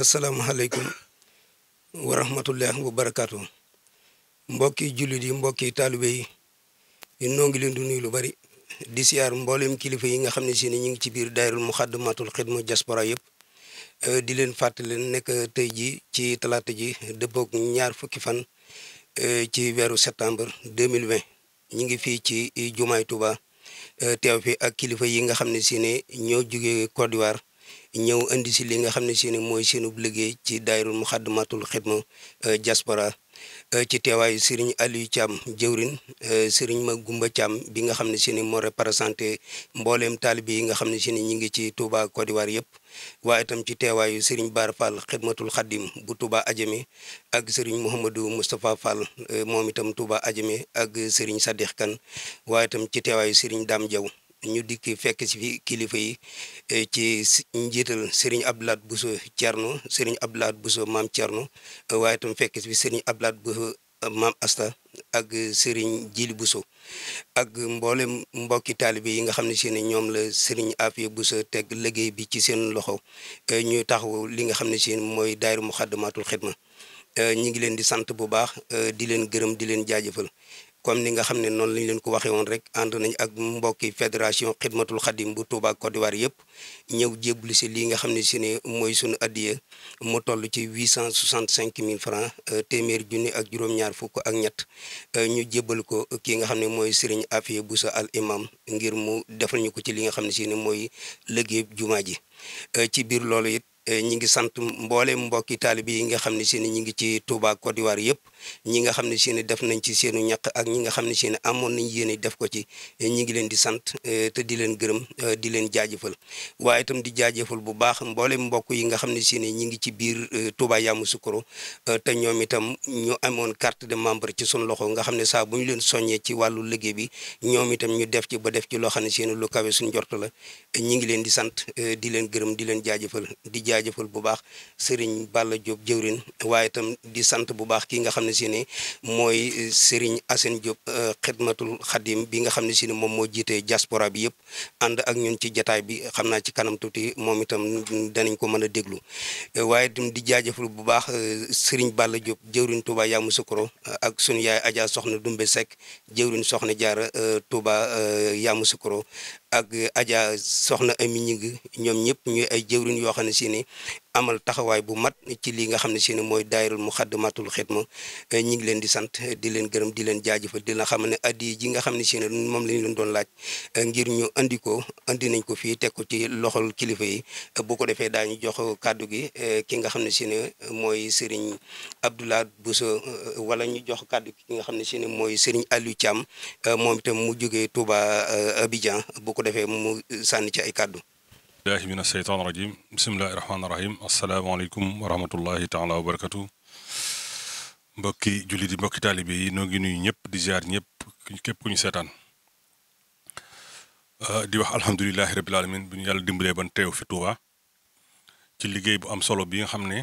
asalaamaaleykum wa rahmatullah wa barakaatu mbokki jullit yi mbokki taalibe yi noo ngi leen di lu bari di siyaar mboolem kilifa yi nga xam ne si ne ñu ngi ci biir daayirul muxaddamatul xidma diaspora yëpp eh, di leen fàttali nekk tey jii ci talaata ji dëppoog ñaar fukki fan eh, ci weeru mille 2020 ñu ngi fii ci jumaay Tuuba eh, teew fi ak kilifa yi nga xam ne si ñoo jugee Côte d'Ivoire ñëw indi si li nga xam ne si mooy mooy bu liggéey ci daayirul muxaddamatul xidma euh, diaspora euh, ci teewaayu sëriñ Aliou Thiam jëwrin euh, sëriñ ma Gumba Thiam bi nga xam ne si ni moo représenté mbooleem taalibe yi nga xam ne si ni ñu ngi ci Touba Côte d'Ivoire yëpp waaye tam ci teewaayu sëriñ Baar Fall xidmatul xaddim bu Touba Adjamé ak sëriñ Mouhamadou Moustapha Fall moom itam Touba Adjamé ak sëriñ Sadikh Kane waaye itam ci teewaayu sëriñ daam jaw ñu dikk fekk si fi kilifa yi e, ci njiital Serigne Abdoulaat Bousso Thierno Serigne Abdoulaat Bousso maam Thierno e, waaye tam fekk si fi Serigne Abdoulaat Bousso e, maam Asta ak Serigne Jili Bousso ak mboole mbokki taalibe yi nga xam ne si ne ñoom la Serigne Afia Bousso teg liggéey bi ci seen loxo ñuy taxaw li nga xam ne si mooy daayira Muxaddamatul Xidma ñu ngi leen di sant bu baax di leen gërëm di leen jaajëfal comme ni nga xam ne noonu lañ leen ko waxee woon rek ànd nañ ak mbokki fédération xidmatul xadim bu Touba Côte d'Ivoire yëpp ñëw jéblu si lii nga xam ne si mooy suñu addiya mu toll ci huit cent cinq mille francs euh, téeméer junni ak juróom-ñaar ak ñett euh, ñu jébal ko kii nga xam ne mooy Serigne Afia Boussa al imam ngir mu defal ñu ko ci li nga xam ne si ni mooy liggéey jumaa ji euh, ci biir loolu it ñi ngi sant mboole mbokki taalibe yi nga xam ne si ni ñi ngi ci Touba Côte d'Ivoire yëpp ñi nga xam ne seeni def nañ ci seenu ñaq ak ñi nga xam ne seeni amoon nañ yéene def ko ci ñi ngi leen di sant e, te di leen gërëm e, di leen jaajëfal waaye itam di jaajëfal bu baax mboolem mbokk yi nga xam ne seeni ñi ngi ci biir e, Touba Yamoussoukro te ñoom itam ñu amoon carte de membre ci suñu loxo nga xam ne saa bu leen soññee ci wàllu liggéey bi ñoom itam ñu def ci ba def ci loo xam ne seeni lu kawe suñ njort la ñi ngi leen di sant di leen gërëm di leen jaajëfal di jaajëfal bu baax Serigne Balla Diop jëwrin waaye itam di sant bu baax ki nga xam ne si ni mooy Serigne Assane Diop xidmatul euh, xadim bi nga xam ne si ni moom moo jiite diaspora bi yëpp ànd ak ñun ci jataay bi xam naa ci kanam tuuti moom itam danañ ko mën a déglu euh, waaye itam di jaajëfal bu baax euh, Serigne Balla Diop jëwriñ Touba Yamou Sukro ak sunu yaay Adja Soxna Dumbe Seck jëwriñ Soxna jaar Touba Yamou Sukro ak Adja soxna Ami Ñing ñoom ñëpp ñu ay jëwriñ yoo xam ne si ni amal taxawaay bu mat ci lii nga xam ne si ni mooy daayirul Muxaddamatul Xidma ñi ngi leen di sant di leen gërëm di leen jaajëfal di la xam ne addi ji xam ne si moom lañu leen doon laaj ngir ñu indi ko andi nañ ko fii teg ko ci loxol kilifa yi bu ko defee ñu jox kàddu gi ki nga xam ne si ne mooy sëriñ Abdoulaye Bousso walla ñu jox kàddu gi ki nga xam ne si ne mooy Serigne Aliou Thiam moom itam mu jógee tuuba Abidjan ko defee mu sànni ci ay kàddu billahi min asheytaan rajim bisimilahi rahmaani rahim asalaamaaleykum wa rahmatullahi taala wa mbokki jullit yi mbokki taalibe yi noo ngi nuyu ñëpp di jaar ñëpp képp ku ñu seetaan ah, di wax alhamdulilahi rabil alamin bu ñu yàlla dimbalee ban teew fi ci liggéey bu am solo bi nga xam ne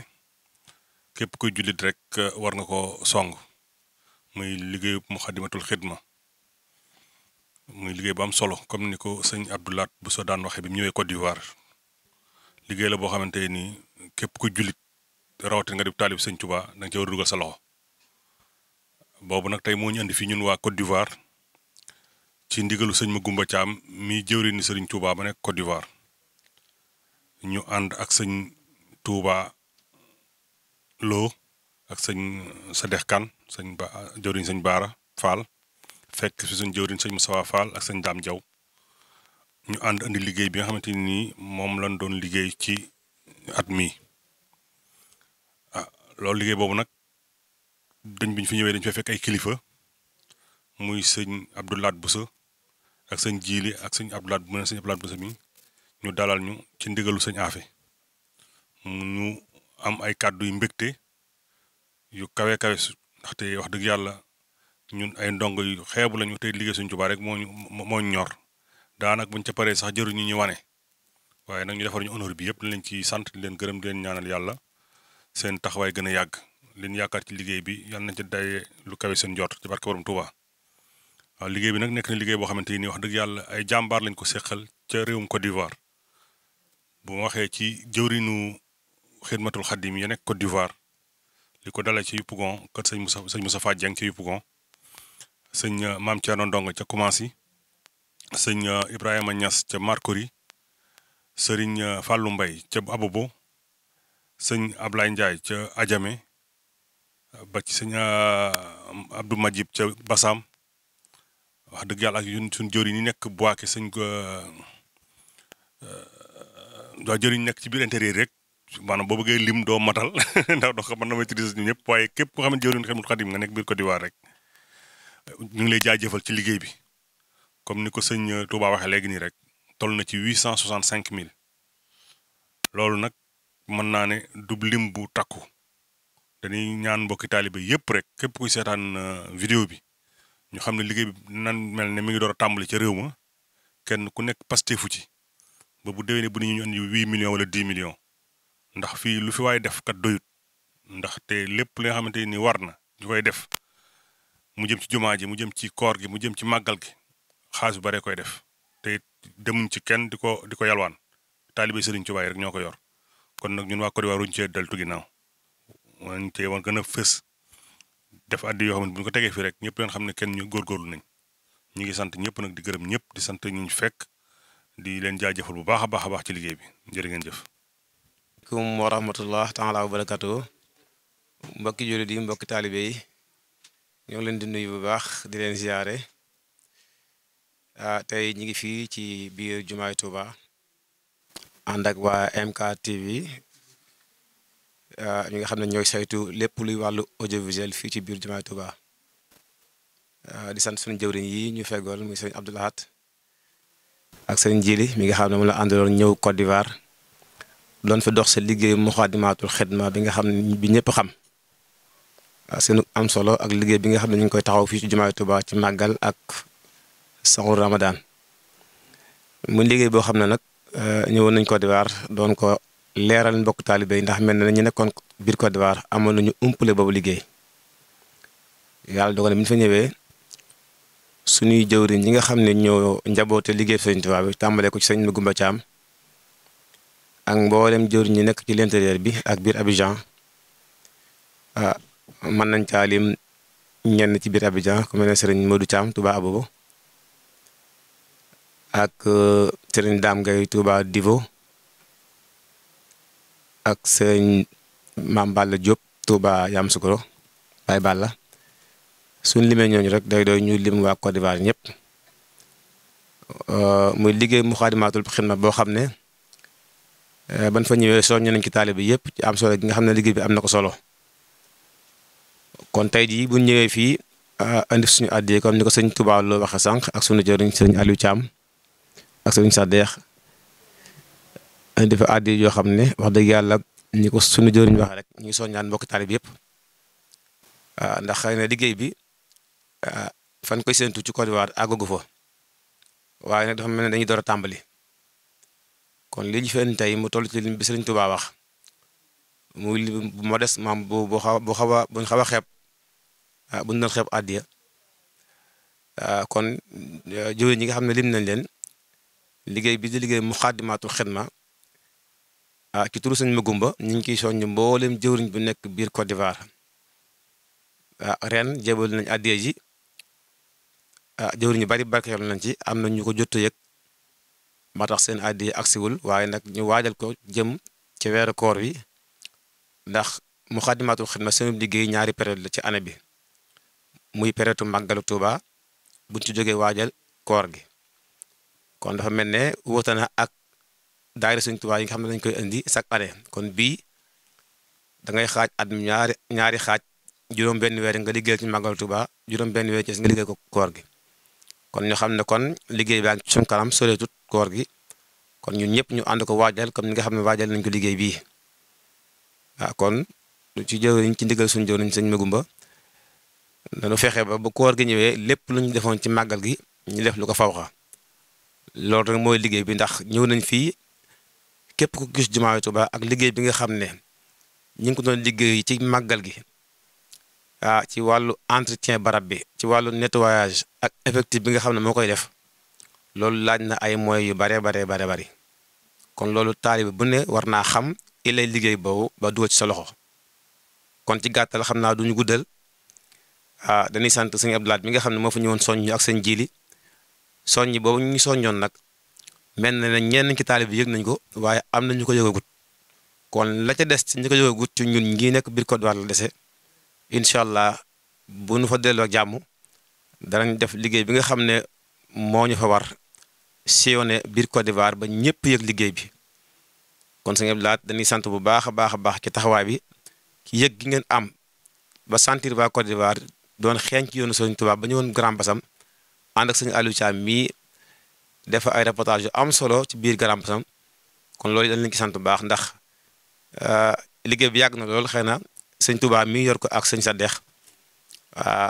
képp kuy jullit rek ah, war nga ko song muy liggéey liggéeyu Muxaddamatul Xidma muy liggéey bu am solo comme ni ko sëñ Abdoulaat bu soo daan waxee bi mu ñëwee Côte d'Ivoire liggéey la boo xamante nii képp ku jullit rawatina nga di taalib sëñ Touba da nga ci war a dugal sa loxo boobu nag tey moo ñu indi fii ñun waa Côte d'Ivoire ci ndigalu sëñ ma Gumba Thiam mi jëwri ni sëriñ Touba ba nekk Côte d'Ivoire ñu ànd ak sëñ tuuba Lo ak sëñ Sadex Kan sëñ ba jëwriñ sëñ Baara Fall fekk fi suñ jëwriñ sëñ Moussa Fall ak sëñ Dame Diaw ñu ànd andi liggéey bi nga xamante ni nii moom lañ doon liggéey ci at mii ah, loolu liggéey boobu nag dañ biñ fi ñëwee dañ fee fekk ay kilifa muy sëñ Abdoulaat Boussa ak sëñ Jiili ak sëñ Abdoulaat bu ne sëñ Abdoulaat Boussa mi ñu dalal ñu ci ndigalu sëñ Afe mu ñu am ay kàddu yu mbégte yu kawe kawe ndaxte wax dëgg yàlla ñun ay ndongo yu xeebu lañu tey liggéey suñ Tuubaa rek moo ñu moo ñor daanak buñ ca paree sax jëru ñu ñu wane waaye nag ñu defar ñu honneur bi yëpp di leen ciy sant leen gërëm di leen ñaanal yàlla seen taxawaay gën a yàgg leen yaakaar ci liggéey bi yàlla nañ ci day lu kawe seen joot ci barke borom Tuubaa waaw liggéey bi nag nekk na liggéey boo xamante ni wax dëgg yàlla ay jàmbaar lañ ko seqal ca réewum Côte d'Ivoire bu ma waxee ci jëwriñu xidmatul xaddim yi nekk Côte d'Ivoire li ko dalee ci Yopougon kër sëñ Moussa sëñ Moustapha Dieng ci Yopougon sëñ euh, maam Thierno Ndong ca Koumassi sëñ euh, Ibrahima ñas ca Marcory sëriñ euh, Fallou Mbaye ca Abobo sëñ Ablaye Ndiaye ca ajame ba ci sëñ Abdou Majib ca Bassam wax dëgg yàlla ak yun suñ jëriñ yi nekk Boaké sëñ waaw jëriñ nekk ci biir intérieur rek maanaam boo bëggee lim doo matal ndax doo xam mën na maîtriser ñu ñëpp waaye képp koo xam ne jëriñ Xidmatul Xadim nga nekk biir Côte d'Ivoire rek ñu ngi lay jaajëfal ci liggéey bi comme ni ko sëñ euh, Touba waxee léegi nii rek toll na ci huit cent soixante cinq mille loolu nag mën naa ne du lim bu takku dañuy ñaan mbokki taalibe yëpp rek képp ku seetaan euh, vidéo bi ñu xam ne liggéey bi nan mel ne mu ngi door a tàmbali ca réew ma kenn ku nekk pastefu ci ba bu déwénee bu ni ñu andi huit millions wala dix millions ndax fii lu fi waaye def kat doyut ndax te lépp li xamante ni war na ñu koy def. mu jëm ci jumaa ji mu jëm ci koor gi mu jëm ci màggal gi xaalis bu bare koy def te it demuñ ci kenn di ko di ko yalwaan taalibe Sëriñ Tuubaa yi rek ñoo ko yor kon nag ñun waa Côte d'Ivoire ruñ cee deltu ginnaaw wañ cee war gën a fës def addi yoo xam ne ñu ko tegee fii rek ñëpp leen xam ne kenn ñu góorgóorlu nañ ñu ngi sant ñëpp nag di gërëm ñëpp di sant ñu fekk di leen jaajëfal bu baax a baax a baax ci liggéey bi jërë ngeen jëf. asalaamaaleykum wa rahmatullah taala wa barakatuh mbokki jullit mbokki taalibe yi ñoo leen di nuyu bu baax di leen ziare ah, tey ñu ngi fii ci biir jumaay Touba ànd ak waa MK TV ah, ñi nga xam ne ñooy saytu lépp luy wàllu audiovisuel fii ci biir jumaay Touba ah, di sant suñu jëwriñ yi ñu feggoon mu sëriñ Abdou Lahat ak sëriñ Jili mi ngi xam ne moom la àndaloon ñëw Côte d'Ivoire doon fa dox sa liggéey Muxaddamatul Xidma bi nga xam ne bi ñëpp xam. seen am solo ak liggéey bi nga xam ne ñu ngi koy taxaw fii ci jumaay Tuubaa ci màggal ak saxul Ramadan muy liggéey boo xam ne nag eh, ñëwoon nañ Côte d'Ivoire doon ko leeral mbokk taalibe yi ndax mel na ñu nekkoon biir Côte d'Ivoire amoon nañu umpale boobu liggéey yàlla dogal mi ñu fa ñëwee suñuy jëwriñ ñi nga xam ne ñoo njaboote liggéey Sëriñ Tuubaa bi tàmbalee ko ci sëñ Gumba Caam ak mboolem jëwriñ ñi nekk ci l'intérieur bi ak biir Abidjan ah, mën nañ caa lim ñenn ci biir Abidjan ku mel ne sëriñ Modou Thiam Touba Abobo ak euh, sëriñ daam Gueye tuuba Divo ak sëriñ Mame Balla Diop Touba Yamoussoukro Baye la su limee ñooñu rek day doy ñu lim waa Côte d'Ivoire ñëpp euh, muy liggéey Moukhaddamatoul Khidma boo xam ne euh, ban fa ñëwee soññu nañ ci taalibe bi yëpp ci am solo gi nga xam ne liggéey bi am na ko solo. kon tey jii bu ñëwee fii ah, indi suñu àddee comme ni ko sëñ Touba loo waxee sànq ak suñu jëriñ sëñ Aliou Thiam ak sëñ Sadeex indi fa àddee yoo xam ne wax dëgg yàlla ni ko suñu jëriñ waxee rek ñu ngi soññaan mbokk taalib yëpp ah, ndax xëy na liggéey bi ah, fan koy séentu ci Côte d'Ivoire àggagu fa waaye nag dafa mel ne dañuy door a tàmbali kon li ñu tey mu toll ci li bi sëriñ Touba wax. muy li bu ma des maam bu bu xaw bu a buñ xaw a xeeb ah, bu ñu doon xeeb àddiya ah, kon ah, jëwriñ ñi nga xam ne lim nañ leen liggéey bi di liggéey muxaddimaatul xidma ci turu sëñ Magumba ñu ngi ciy soññ mbooleem jëwriñ bu nekk biir Côte d'Ivoire ren jébal nañ àddiya ji jëwriñ bari barkeel nañ ci am na ñu ko jot a yëg ba tax seen àddiya agsiwul waaye nag ñu waajal ko jëm ci weeru koor wi ndax muxaddimaatul xidma seen liggéey ñaari période la ci année bi muy période màggalu Tuuba buñ ci jógee waajal koor gi kon dafa mel ne wuute na ak daayira Sëñ Tuuba yi nga xam ne dañ koy indi chaque année kon bii da ngay xaaj at ñaari ñaari xaaj juróom benn weer nga liggéeyal ci màggalu Tuuba juróom benn weer ci nga liggéey ko koor gi kon ñu xam ne kon liggéey baa ngi ci kanam soreetut koor gi kon ñun ñëpp ñu ànd ko waajal comme ni nga xam ne waajal nañ ko liggéey bii waaw ah, kon ci jëwriñ ci ndigal suñu jëwriñ sëñ Magumba dañu fexe ba bu koor gi ñëwee lépp lu ñu defoon ci màggal gi ñu def lu ko fawxa loolu rek mooy liggéey bi ndax ñëw nañ fii képp ku gis jumaay Tuubaa ak liggéey bi nga xam ne ñu ngi ko doon liggéey ci màggal gi ah ci wàllu entretien barab bi ci wàllu nettoyage ak effectif bi nga xam ne moo koy def loolu laaj na ay moyens yu bare bare bare bari kon loolu taalibe bu ne war naa xam ki lay liggéey boobu ba dugal ci sa loxo kon ci gàttal xam naa duñu guddal ah dañuy sant sëñ Abdou mi nga xam ne moo fa ñëwoon soññ ak sëñ Jili soññ boobu ñu soññoon nag mel na ne ñenn ci taalib bi yëg nañ ko waaye am nañu ko yëgagut kon la ca des ci ñu ko nekk biir Côte d'Ivoire la dese incha allah bu nu fa delloo danañ def liggéey bi nga xam ne moo ñu fa war sillonné biir Côte d'Ivoire ba ñëpp yëg liggéey bi kon sëñ Abdou laat dañuy sant bu baax a baax baax ci taxawaay bi ci yëg gi ngeen am ba sentir waa Côte d'Ivoire doon xeen ci yoonu sëñ tubaab ba ñëwoon Grand Bassam ànd ak sëñ Aliou Thiam mii defa ay am solo ci biir Grand kon loolu dañ leen ci sant bu baax ndax euh, liggéey bi yàgg na lool xëy na sëñ Tuubaa mii yor ko ak sëñ Sadex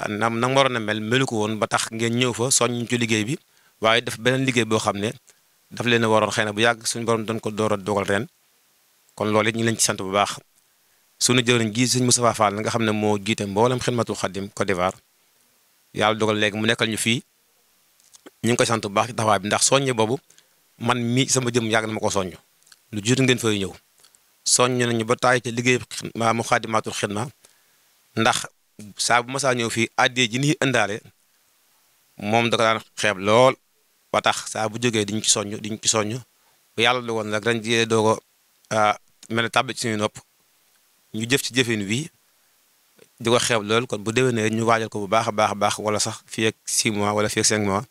nam nag waroon na mel melu ko woon ba tax ngeen ñëw fa soññ ci liggéey bi waaye daf beneen liggéey boo xam ne daf leen a waroon xëy na bu yàgg suñu borom doon ko door a dogal ren kon loolu it ñu leen ci sant bu baax sunu jëwriñ gi sëñ Moustapha Fall nga xam ne moo jiite mboolem xidmatul xaddim Côte d'Ivoire yàlla dogal léegi mu nekkal ñu fii ñu ngi koy sant bu baax ci taxawaay bi ndax soññe boobu man mii sama jëm yàgg na ma ko soññ lu jiitu ngeen fay ñëw soññ nañu ba taay te liggéey maa mu xaadimaatul xidma ndax saa bu masaa ñëw fii addee ji ni indaale moom da ko daan xeeb lool ba tax saa bu jógee diñ ci soññ diñ ci soññ bu yàlla dogal nag ren jiyee doo ko mel tàbb ci suñu nopp ñu jëf ci jëfin wi di ko xeeb lool kon bu déwénee ñu waajal ko bu baax a baax a baax wala sax fii ak 6 mois wala fii ak 5 mois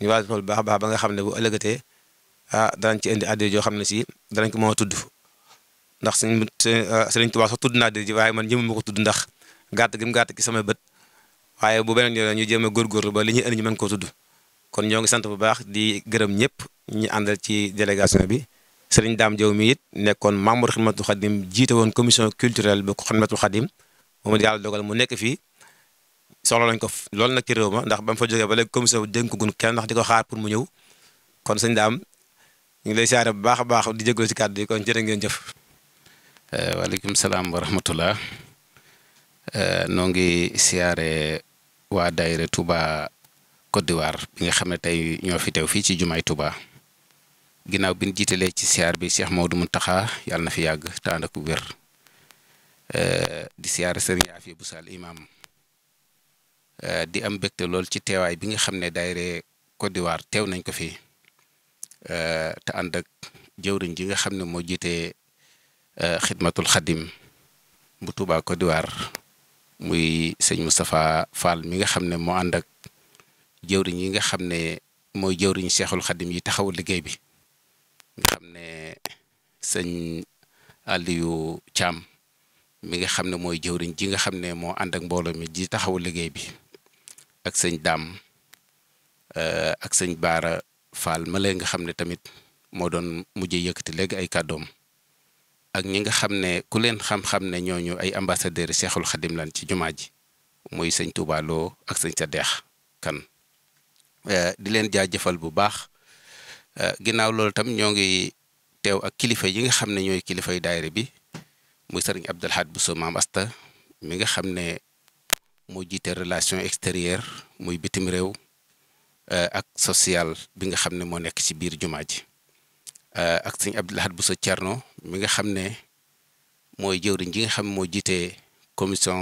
ñu waajal ko bu baax a baax ba nga xam ne bu ëllëgatee ah danañ ci indi addiya joo xam ne si danañ ko mën a tudd ndax suñ ah, Sëriñ Tuubaa sax tudd naa addiya ji waaye man jëmuma ko tudd ndax gàtt gi mu gàtt ci sama bët waaye bu beneen yoon ñu jéem a góorgóorlu ba li ñuy indi ñu mën koo tudd kon ñoo ngi sant bu baax di gërëm ñëpp ñi àndal ci délégation bi sëriñ Daam Jaw mi it nekkoon membre matu xadim jiite woon commission culturelle bu xidmatul xadim moom yàlla dogal mu nekk fii soxla lañ ko loolu nag ci réew ma ndax ba mu fa jógee ba léegi commission bu dénkagun kenn di ko xaar pour kon sëñ Daam ñu ngi lay siyaare bu baax a baax di jégalu ci kàddu yi kon jërë ngeen jëf. Eh, waaleykum salaam wa rahmatullah eh, noo ngi siyaare waa daayira Touba Côte d'Ivoire bi nga xam ne tey ñoo fi teew fii ci jumaay Touba. ginnaaw bi ñu jiitalee ci siyaar bi Cheikh Maodo Mountakha yàlla na fi yàgg te ànd ak wér euh, di siyaar sëriñ Afia Busaal imaam euh, di am mbégte lool ci teewaay bi nga xam ne daayira Côte d'Ivoire teew nañ ko fi euh, te ànd ak jëwriñ ji nga xam ne moo jiite xidmatul xadim bu Touba Côte muy sëñ Moustapha Fall mi nga xam ne moo ànd ak jëwriñ yi nga xam ne mooy jëwriñ Seexul Xadim yi taxawul liggéey bi nga xam ne sëñ yu Thiam mi nga xam ne mooy jëwriñ ji nga xam ne moo ànd ak mbooloo mi ji taxawu liggéey bi ak sëñ Daam euh, ak sëñ Baara Fall ma leen nga xam ne tamit moo doon mujjee yëkkati léegi ay kàddoom ak ñi nga xam ne ku leen xam-xam ne ñooñu ay ambassadeur Seexul Xadim lan ci jumaa ji muy sëñ Touba Lo ak sëñ dex Kan euh, di leen jaajëfal bu baax Euh, ginnaaw loolu tam ñoo ngi teew ak kilifa yi nga xam ne ñooy kilifay daayira bi muy sëriñ Abdul Ahad Bousso Maam Asta mi nga xam ne moo jiite relation extérieure muy bitim réew euh, ak social bi nga xam ne moo nekk ci biir jumaa ji euh, ak sëriñ Abdul Ahad Bousso mi nga xam ne mooy jëwriñ ji nga xam moo jiite commission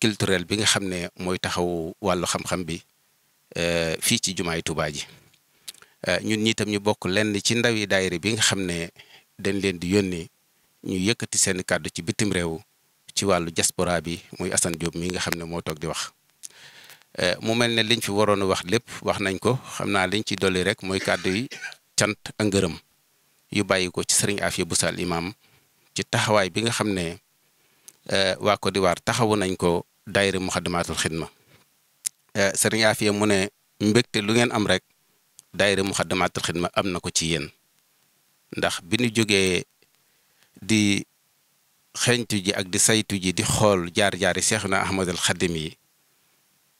culturelle bi nga xam ne mooy taxaw wàllu xam-xam bi fii ci jumaay Tuubaa ji Euh, ñun ñiitam ñu bokk lenn ci ndaw yi daayira bi nga xam ne dañ leen di yónnee ñu yëkkati seen kàddu ci bitim réew ci wàllu jaspora bi muy Assane Diop mi nga xam ne moo toog di wax. Euh, mu mel ne liñ fi waroon a wax lépp wax nañ ko xam naa liñ ci dolli rek mooy kàddu yi cant ak ngërëm yu bàyyi ko ci sëriñ bu Busal Imaam ci taxawaay bi nga xam ne euh, waa Côte d'Ivoire taxawu nañ ko daayira Muxaddamaatul Xidma sëriñ Afia mu ne mbégte lu ngeen am rek. daayira Muxaddamaatul Xidma am na ko ci yéen ndax bi nu jógee di xeñtu ji ak di saytu ji di xool jaar-jaari Seexuna Ahmadul Xadim yi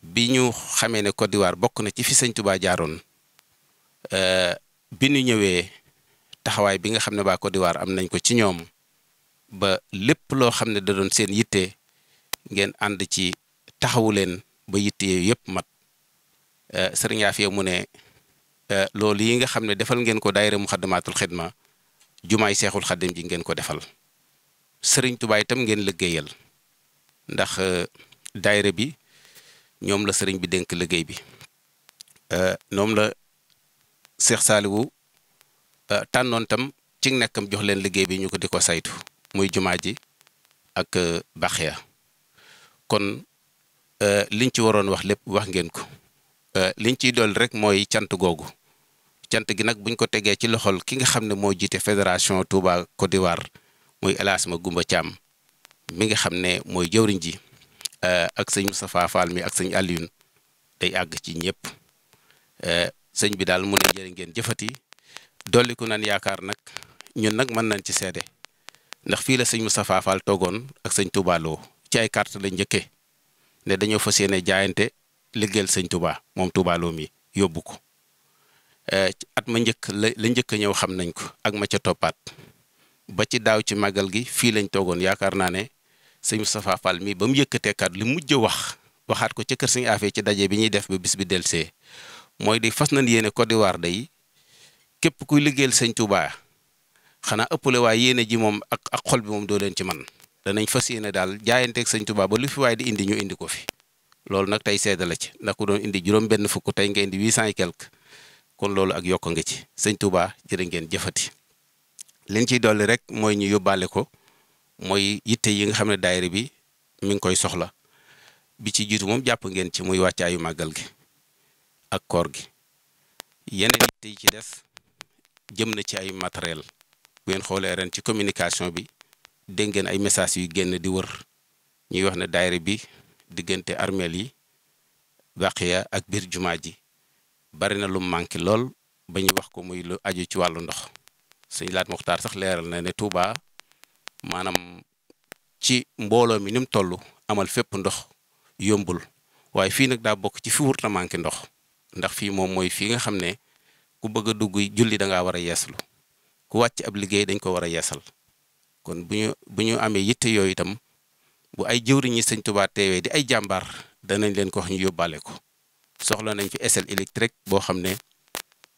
bi ñu xamee ne Côte bokk na ci fi Sëñ Tuubaa jaaroon euh, bi nu ñëwee taxawaay bi nga xam ne waa Côte am nañ ko ci ñoom ba lépp loo xam ne da doon seen yitte ngeen ànd ci taxawu leen ba yitte yooyu yëpp mat euh, sëriñ Afia mu ne Euh, loolu yi nga xam ne defal ngeen ko daayira Muxaddamaatul Xidma yi seexul xaddim ji ngeen ko defal sëriñ Tuubaa tam ngeen liggéeyal ndax euh, dayre bi ñoom la sëriñ bi dénk liggéey bi euh, ñoom la Seex Saaliwu tànnoon tam ci nekkam jox leen liggéey bi ñu ko di ko saytu muy jumaa ji ak baax ya kon liñ ci waroon wax lépp wax ngeen ko liñ ciy dool rek mooy cant googu cant gi nag buñ ko tegee ci loxol ki nga xam ne moo jiite fédération Touba Côte mooy muy Elasma Gumba caam mi nga xam ne mooy jëwriñ ji euh, ak sëñ Moustapha Fall mi ak sëñ Alioune day àgg ci ñëpp euh, sëñ bi daal mu ne jërë ngeen jëfati dolliku nan yaakaar nag ñun nag mën nañ ci seede ndax fii la sëñ sa Fall toogoon ak sëñ Touba Lo ci ay carte la njëkkee ne dañoo fas yéene jaayante liggéeyal sëñ Touba moom tuubaloo mi yóbbu ko. Eh, at ma njëkk la la njëkk a ñëw xam nañ ko ak ma ca toppaat ba ci daaw ci màggal gi fii lañ toogoon yaakaar naa ne sëñ Moustapha Fall mii ba mu yëkkatee kàddu li mujj wax waxaat ko ca kër sëñ Afee ci daje bi ñuy def ba bis bi delsee mooy di fas nañ yéene Côte d'Ivoire day képp kuy liggéeyal sëñ Touba xanaa ëppale waaye yéene ji moom ak ak xol bi moom doo leen ci man danañ fas yéene daal jaayanteeg sañ Touba ba lu fi waaye di indi ñu indi ko fi loolu nag tey seede la ci ndax ku doon indi juróom benn fukk tey nga indi huit cent kon loolu ak yokk nga ci sëñ Touba jërë ngeen jëfati liñ ciy dolli rek mooy ñu yóbbaale ko mooy yitte yi nga xam ne daayira bi mu ngi koy soxla bi ci jiitu moom jàpp ngeen ci muy wàccaayu màggal gi ak koor gi yeneen yitte yi ci des jëm na ci ay matériel bu xoolee ren ci communication bi dégg ngeen ay message yu génn di wër ñuy wax ne daayira bi diggante armeel yi baqiya ak biir jumaa ji bari na lu manqué lool ba ñu wax ko muy lu aju ci wàllu ndox sëñ Laat Muxtaar sax leeral na ne Touba maanaam ci mbooloo mi ni mu toll amal fépp ndox yombul waaye fii nag daa bokk ci fi wur na manqué ndox ndax fii moom mooy fii nga xam ne ku bëgg a dugg julli da ngaa war a yeeslu ku wàcc ab liggéey dañ ko war a yeesal kon bu ñu bu ñu amee yitte yooyu itam bu ay jëwriñ yi sëñ Touba teewee di ay jàmbaar danañ leen ko wax ñu yóbbaale ko soxla nañ fi échelle électrique boo xam ne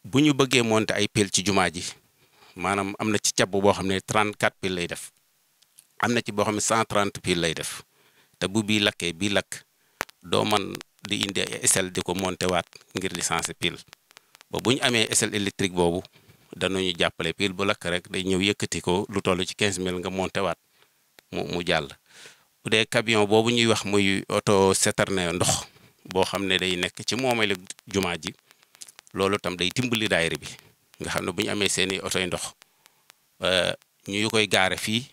bu ñu bëggee monte ay pile ci jumaa ji maanaam am na ci cab boo xam ne 34 pile lay def am na ci boo xam ne 130 pile lay def te bu bii lakkee bii lakk doo man di indi ay di ko monter waat ngir licencé pile ba bu ñu amee échelle électrique boobu ñu jàppale pile bu lakk rek day ñëw yëkkati ko lu toll ci quinze 15000 nga monte waat mu mu jàll bu dee camion boobu ñuy wax muy oto citerne ndox. boo xam ne day nekk ci moomeelu jumaa ji loolu tam day timbali daayira bi nga xam ne bu ñu amee seeni otoy ndox eh, ñu koy gaare fii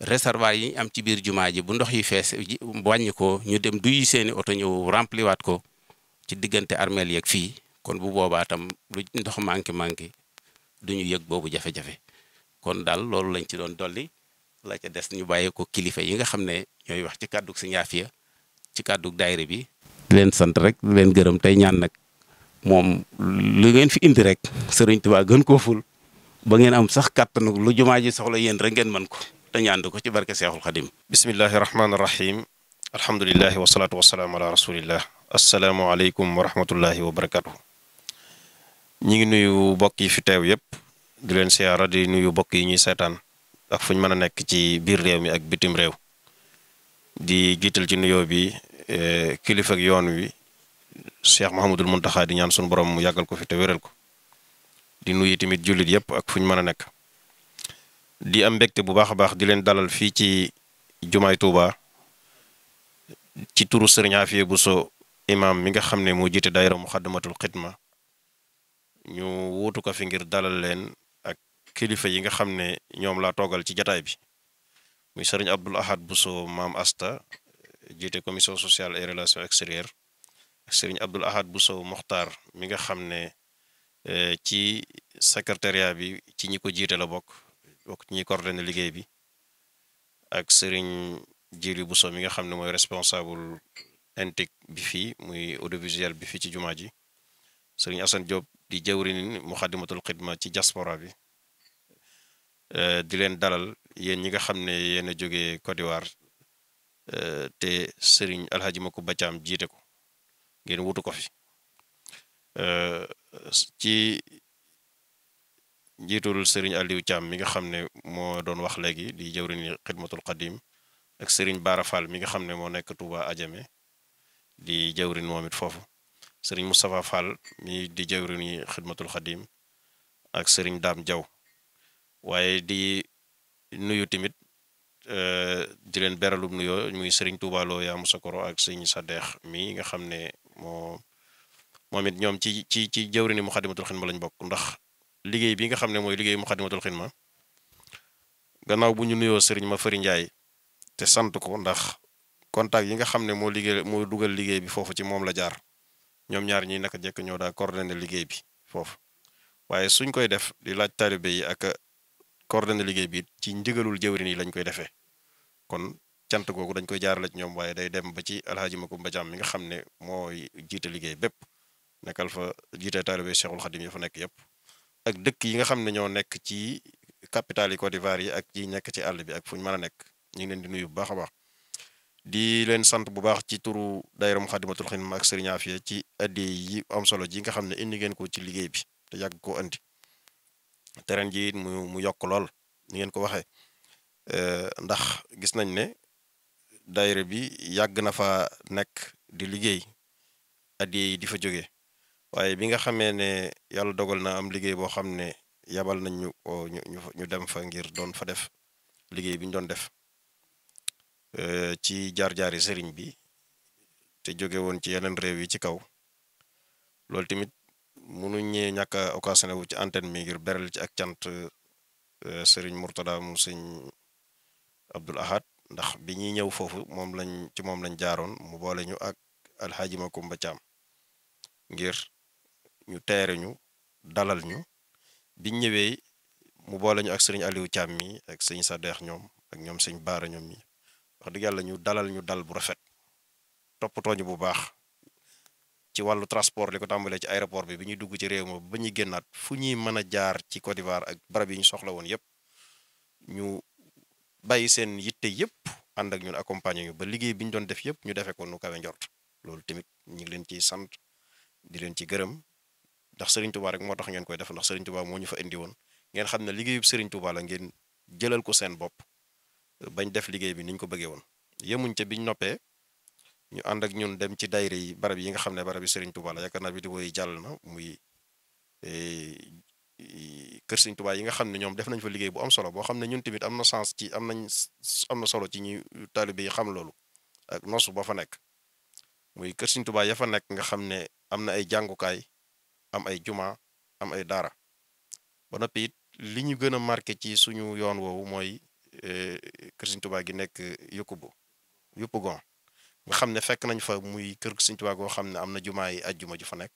réservoir yi ñu am ci biir jumaa ji bu ndox yi fees wàññi ko ñu dem duy seeni oto ñëw rempli waat ko ci diggante armeel yeeg fii kon bu boobaa tam lu ndox manqué manqué du ñu yëg boobu jafe-jafe kon daal loolu lañ ci doon dolli la ca des ñu bàyyi ko kilifa yi nga xam ne ñooy wax ci kàddug Sëñ Aafiya ci kàddug daayira bi di leen sant rek di leen gërëm tey ñaan nag moom lu ngeen fi indi rek sëriñ Tuubaa gën koo ful ba ngeen am sax kàttanu lu jumaa ji soxla yéen rek ngeen man ko te ñaan ko ci barke Seexul Xadim. bismillahi rahmaani rahim alhamdulilah wasalaatu wasalaam ala rasulillah asalaamualeykum wa rahmatullahi wa barakatuh ñi ngi nuyu mbokk yi fi teew yëpp di leen siyaara di nuyu mbokk yi ñuy seetaan ak fu ñu mën a nekk ci biir réew mi ak bitim réew di jiital ci nuyoo bi Eh, kilifa ak yoon wi Cheikh Mouhamadul Mountakha di ñaan sunu boroom mu yàggal ko fi te wéral ko di nuyu tamit jullit yëpp ak fu ñu mën a nekk. di am mbégte bu baax a baax di leen dalal fii ci jumaay Touba ci turu Sëriñ bu Bousso imaam mi nga xam ne moo jiite daayira Muxaddamatul Xidma ñu wuutu ko fi ngir dalal leen ak kilifa yi nga xam ne ñoom laa toogal ci jataay bi muy Sëriñ Abdul bu so maam Asta. jiite commission sociale et relation extérieures ak sëriñ Abdul Ahad Bousso Mokhtar mi nga xam ne e, ci secretariat bi ci ñi ko jiite la bokk bokk ci ñi coordonné liggéey bi ak sëriñ Jili Bousso mi nga xam ne mooy responsable intique bi fii muy audiovisuel bi fii ci jumaa ji sëriñ Assane Diop di jawrin Muxaddamatul Xidma ci jaspora bi e, di leen dalal yéen ñi nga xam ne yéen a jógee Côte d'Ivoire Eh, te sëriñ alxaaji ma ko jiite ko ngeen wutu ko fi eh, ci njiitul sëriñ Aliou Thiam mi nga xam ne moo doon wax léegi di jëwriñ xidmatul qadim ak sëriñ Bara Fall mi nga xam ne moo nekk Touba Adjamé di jëwriñ moom foofu sëriñ Moustapha Fall mi di jëwriñ xidmatul qadim ak sëriñ Dame Diaw waaye di nuyu tamit Eh, di leen beralum nuyoo muy sëriñ Touba Lo yaa Musa Koro ak sa dex mi nga xam ne moo moom it ñoom ci ci ci jëwrini Muxaddamatul ma lañ bokk ndax liggéey bi nga xam ne mooy liggéey Muxaddamatul Xidma gannaaw bu ñu nuyoo Serigne Mafari Ndiaye te sant ko ndax contact yi xam ne moo liggéey moo dugal liggéey bi foofu ci moom la jaar ñoom ñaar ñi naka jekk ñoo daal coordonné liggéey bi foofu waaye suñ koy def di laaj taalibe yi ak coordonné liggéey bi ci ndigalul jëwrin yi lañ koy defee kon cant kooku dañ koy jaarale ci ñoom waaye day dem ba ci alxaaji ko Jaam mi nga xam ne mooy jiite liggéey bépp nekkal fa jiite taalibe Cheikhul Xadim yi fa nekk yëpp ak dëkk yi nga xam ne ñoo nekk ci capital yi Côte d'Ivoire yi ak yi nekk ci àll bi ak fu ñu mën a nekk ñu ngi leen di nuyu bu baax a baax di leen sant bu baax ci turu daayira Moukhaddamatoul Khidma ak Serigne Afia ci addi yi am solo ji nga xam ne indi ngeen ko ci liggéey bi te yàgg koo andi terrain ji mu mu yokk lool ni ngeen ko waxee Eh, ndax gis nañ ne daayira bi yàgg na fa nekk di liggéey addiya yi di fa jóge waaye bi nga xamee ne yàlla dogal na am liggéey boo xam ne yabal nañ ñu dem fa ngir doon fa def liggéey bi ñu doon def eh, ci jaar-jaari sëriñ bi te jóge woon ci yeneen réew yi ci kaw loolu tamit mënuñ ñee ñàkk a occasionné wu ci antenne mi ngir beral ci ak cant eh, sëriñ Mourtada mu sëñ Abdul Ahad ndax bi ñuy ñëw foofu moom lañ ci moom lañ jaaroon mu boole ñu ak alxaaji Makumba Caam ngir ñu teere ñu dalal ñu biñ ñëwee mu boole ñu ak sëriñ Aliou Caam mi ak sëñ Sadeex ñoom ak ñoom sëñ Baara ñoom mi wax dëgg yàlla ñu dalal ñu dal bu rafet toppatoo ñu bu baax ci wàllu transport li ko tàmbalee ci aéroport bi bi ñuy dugg ci réew ma ba ñuy génnaat fu ñuy mën a jaar ci Côte d'Ivoire ak barab yi ñu soxla woon yépp bàyyi seen yitte yëpp ànd ak ñun accompagner ñu ba liggéey bi ñu doon def yëpp ñu defee ko nu kawe njort loolu tamit ñu ngi leen ciy sant di leen ci gërëm ndax Serigne Touba rek moo tax ngeen koy def ndax Serigne Touba moo ñu fa indi woon ngeen xam ne liggéeyub Serigne Touba la ngeen jëlal ko seen bopp bañ def liggéey bi niñ ko bëggee woon yemuñ ca ñu noppee ñu ànd ak ñun dem ci daayira yi barab yi nga xam ne barab yi Serigne Touba la yaakaar naa bi di woy jàll na muy eh, kër Sëñ Tuubaa yi nga xam ne ñoom def nañ fa liggéey bu am solo boo xam ne ñun tamit am na sens ci am nañ am na solo ci ñuy taalibe yi xam loolu ak noosu ba fa nekk muy kër Sëñ Tuubaa ya fa nekk nga xam ne am na ay jàngukaay am ay juma am ay daara ba noppi it li ñu gën a marqué ci suñu yoon woowu mooy eh, kër Sëñ tubaay gi nekk Yukkubu Yuppugon nga xam ne fekk nañ fa muy kër Sëñ Tuubaa goo xam ne am na jumaa yi ajjuma ju fa nekk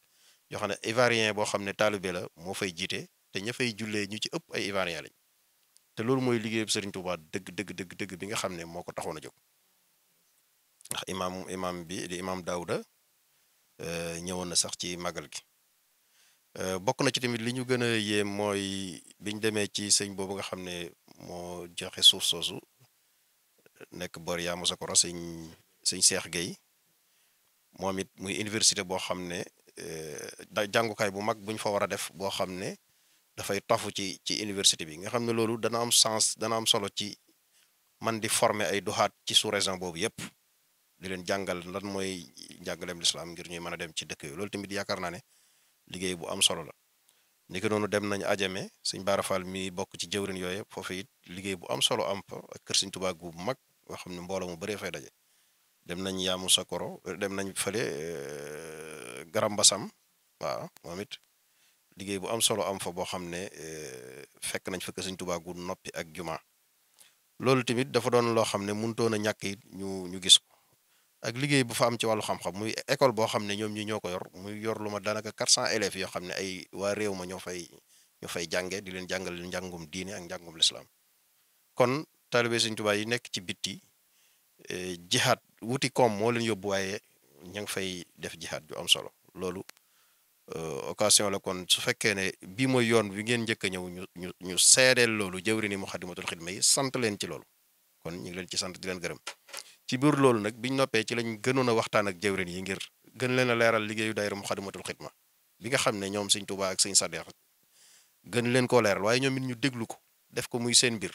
yoo xam ne ivoirien boo xam ne taalibe la moo fay jiite te ña fay jullee ñu ci ëpp ay ivoirien lañ te loolu mooy liggéey Serigne Touba dëgg dëgg dëgg dëgg bi nga xam ne moo ko taxoon a jóg ndax imaam imaam bi di imaam Daouda euh, ñëwoon na sax ci magal gi euh, bokk na ci tamit li ñu gën a yéem mooy biñ demee ci sëñ boobu nga xam ne moo joxe suuf soosu nekk bor yaa mosakoro sëñ sëñ Seex Gueye moom it muy université boo xam ne Euh, jàngukaay bu mag bu ñu fa war a def boo xam ne dafay tafu ci ci université bi nga xam ne loolu dana am sens dana am solo ci man di former ay duxaat ci sous-région boobu yépp di leen jàngal lan mooy njàngaleem lislaam ngir ñuy mën a dem ci dëkk yooyu loolu tamit yaakaar naa ne liggéey bu am solo la niki noonu dem nañ ajame suñ Bara Fall mi bokk ci jëwrin yooyu foofu it liggéey bu am solo am ak kër sëñ Tuubaa gu mag nga xam ne mbooloo mu bëree fay daje dem nañ yaamu sakoro dem nañ fële euh, Grand mbasam waaw moom it liggéey bu am solo am fa boo xam ne euh, fekk nañ fa Sëñ Tuubaa gu noppi ak juma loolu tamit dafa doon loo xam ne mënutoon a ñàkk it ñu ñu gis ko ak liggéey bu fa am ci wàllu xam-xam muy école boo xam ne ñoom ñi ñoo ko yor muy yor lu ma daanaka 400 élèves yoo xam ne ay waa réew ma ñoo fay ñoo fay jànge di leen jàngal njàngum diine ak njàngum lislaam kon taalibe Sëñ Tuubaa nekk ci bitti Eh, jihaad wuti koom moo leen yóbbu waaye ña ngi fay def jihaad ju am solo loolu eh, occasion la kon su fekkee ne bii mooy yoon bi ngeen njëkk ñëw ñu ñu ñu seedeel loolu jëwrin jëwri ni Muxaddamatul Xidma yi sant leen ci loolu kon ñu ngi leen ci sant di leen gërëm ci biir loolu nag biñ noppee ci lañ gënoon a waxtaan ak jëwrin yi ngir gën leen a leeral liggéeyu daayira Muxaddamatul Xidma bi nga xam ne ñoom sëñ tubaa ak sëñ Sadeex gën leen koo leeral waaye ñoom it ñu déglu ko def ko muy seen mbir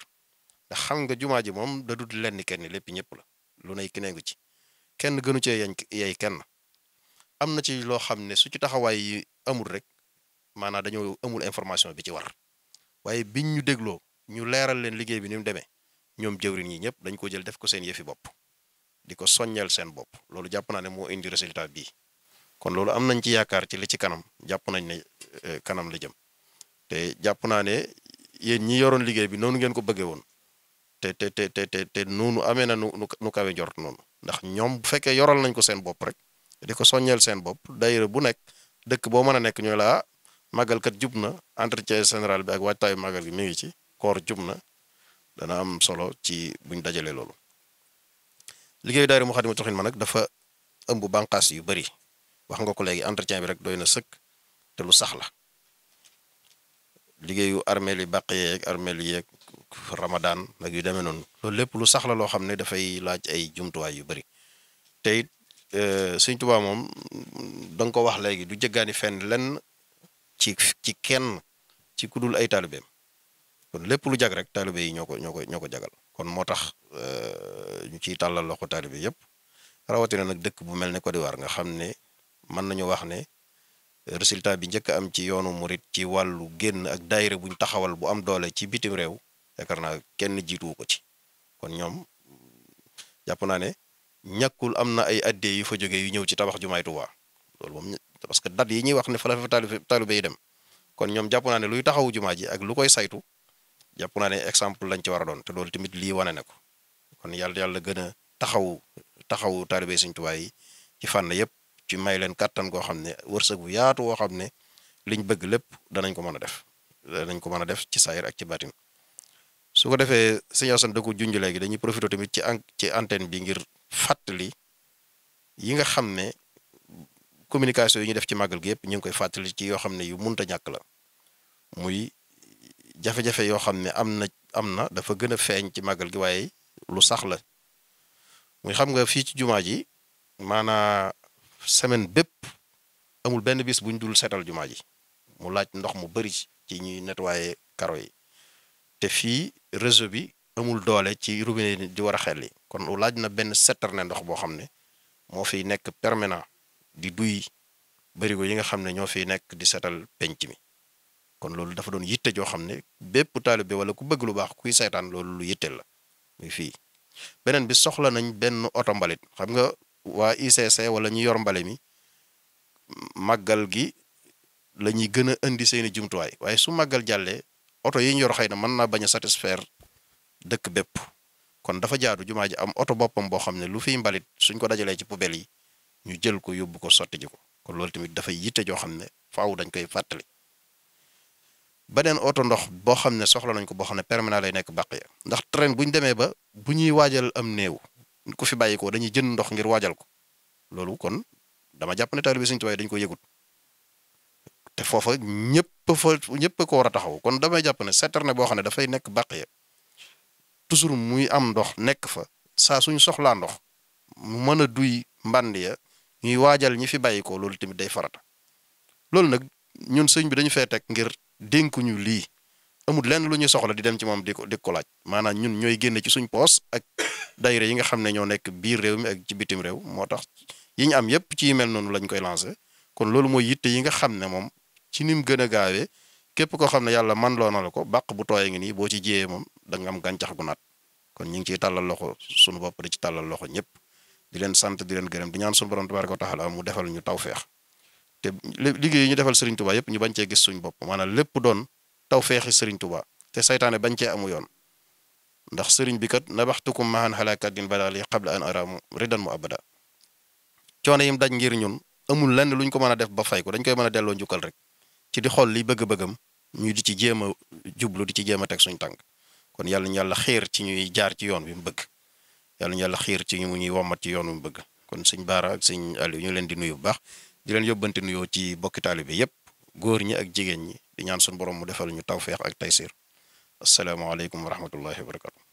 ndax xam nga jumaa ji moom da dut lenn kenn lépp ñëpp la lu nay ki nengu ci kenn gënu cee yañ yey kenn am na ci loo xam ne su ci taxawaay amul rek maanaam dañoo amul information bi ci war waaye biñ ñu dégloo ñu leeral leen liggéey bi ni mu demee ñoom jëwriñ yi ñëpp dañ ko jël def ko seen yëfi bopp di ko soññal seen bopp loolu jàpp naa ne moo indi résultat bi kon loolu am nañ ci yaakaar ci li ci kanam jàpp nañ ne eh, kanam la jëm te jàpp naa ne yéen ñi yoroon liggéey bi noonu ngeen ko bëggee woon te te te te te noonu amee na nu nu kawe njort noonu ndax ñoom bu fekkee yoral nañ ko seen bopp rek di ko soññeel seen bopp daayira bu nekk dëkk boo mën a nekk ñooy laa ah, màggal jub na entretien général bi ak waajtaayu màggal bi mu ngi ci koor jub na dana am solo ci buñ dajalee loolu. liggéeyu daayira Moukhaddamatoul ma nag dafa ëmb bànqaas yu bari wax nga ko léegi entretien bi rek doy na sëkk te lu sax la liggéeyu armeel yi bàq yeeg armeel yeeg ramadaan ak yu demee noonu loolu lépp lu sax loo xam ne dafay laaj ay jumtuwaay yu bëri tey it e, Sëñ moom da ko wax léegi du jëggaani fenn lenn ci ci kenn ci ku dul ay taalibeem kon lépp lu jag rek taalibe yi ñoo ko ñoo ko ñoo ko jagal kon moo tax e, ñu ciy tàllal loxo taalibe yëpp rawatina nag dëkk bu mel ne Côte d'Ivoire nga xam ne mën nañu wax ne résultat bi njëkk am ci yoonu murit ci wàllu génn ak daayira buñ taxawal bu am doole ci bitim réew yaakaar naa kenn jiituwu ko ci kon ñoom jàpp naa ne ñàkkul am na ay addee yu fa jógee yu ñëw ci tabax jumaay Tuubaa loolu moom parce que dat yi ñuy wax ne fa la fa taalibe yi dem kon ñoom jàpp naa ne luy taxawu jumaa ji ak lu koy saytu jàpp naa ne exemple lañ ci war a doon te loolu tamit lii wane na ko kon yàlla yàlla gën a taxawu taxawu taalibe Sëñ Tuubaa ci fànn yëpp ci may leen kàttan goo xam ne wërsëg bu yaatu woo xam ne liñ bëgg lépp danañ ko mën a def danañ ko mën a def ci saayir ak ci baatin su ko defee sëñ Assane da ko junj léegi dañuy profité tamit ci ci antenne bi ngir fàttali yi nga xam ne communication yi ñu def ci màggal gi yëpp ñu ngi koy fàttali ci yoo xam ne yu munta ñàkk la muy jafe-jafe yoo xam ne am na am na dafa gën a feeñ ci màggal gi waaye lu sax la muy xam nga fii ci jumaa ji maanaa semaine bépp amul benn bis buñ dul seetal jumaa ji mu laaj ndox mu bari ci ñuy netwaaye karo yi te fii réseau bi amul doole ci robinet di war a xel yi kon laaj na benn citerne ndox boo xam ne moo fiy nekk permanent di duy bariwul yi nga xam ne ñoo fiy nekk di setal penc mi kon loolu dafa doon yitte joo xam ne bépp taalibe wala ku bëgg lu baax kuy saytaan loolu lu yitteel la muy fii beneen bi soxla nañ benn oto mbalit xam nga waa ICC wala ñu yor mbale mi màggal gi lañuy ñuy gën a indi seeni jumtuwaay waaye su màggal jàllee oto yi ñu yor xëy na mën naa bañ a satisfaire dëkk bépp kon dafa jaadu jumaa ji am oto boppam boo xam ne lu fiy mbalit suñ ko dajalee ci poubelle yi ñu jël ko yóbbu ko sotti ji ko kon loolu tamit dafay yitte joo xam ne faaw dañ koy fàttali neen oto ndox boo xam ne soxla nañ ko boo xam ne permanent lay nekk bàq ya ndax train bu ñu demee ba bu ñuy waajal am néew ku fi bàyyi ko dañuy jënd ndox ngir waajal ko loolu kon dama jàpp ne taalibe Sëriñ Tuubaa dañ koy yëgut te foofa ñëpp fa ñëpp ko war a taxaw kon damay jàpp ne citerne boo xam ne dafay nekk bàqiya toujours muy am ndox nekk fa saa suñ soxlaa ndox mu mën a duy mbànd ya ñuy waajal ñi fi bàyyi loolu tamit day farata loolu nag ñun sëñ bi dañu fee teg ngir ñu lii amul lenn lu ñu soxla di dem ci moom di ko di ko laaj maanaam ñun ñooy génne ci suñ poos ak dayre yi nga xam ne ñoo nekk biir réew mi ak ci bitim réew moo tax yi ñu am yépp ci yu noonu lañ koy lancé kon loolu mooy yitte yi nga xam ne moom ci ni mu gën a gaawee képp koo xam ne yàlla man loo na la ko bàq bu tooyee ngi nii boo ci jiyee moom da nga am gàncax gu naat kon ñu ngi ciy tàllal loxo sunu bopp di ci tàllal loxo ñëpp di leen sant di leen gërëm di ñaan sunu borom tabaaraka wa taala mu defal ñu tawfeex te liggéey ñu defal Serigne Touba yëpp ñu bañ cee gis suñu bopp maanaam lépp doon tawfeexi Serigne Touba te seytaane bañ cee amu yoon ndax Serigne bi kat nabaxtukum mahan xalaakaat din badaali qabla an aramu ridan mu abada coono yim daj ngir ñun amul lenn luñ ko mën a def ba fay ko dañ koy mën a delloo njukkal rek ci di xool li bëgg-bëggam ñu di ci jéem a jublu di ci jéem a teg suñ tànk kon yàlla ñu yàlla xiir ci ñuy jaar ci yoon bi mu bëgg yàlla ñu yàlla xiir ci mu ñuy wommat ci yoon bi mu bëgg kon suñ Baara ak sëñ Aliou ñu leen di nuyu bu baax di leen yóbbante nuyoo ci bokki bi yépp góor ñi ak jigéen ñi di ñaan suñu borom mu defal ñu tawfeex ak taysiir asalaamaaleykum wa rahmatullahi wa barakatu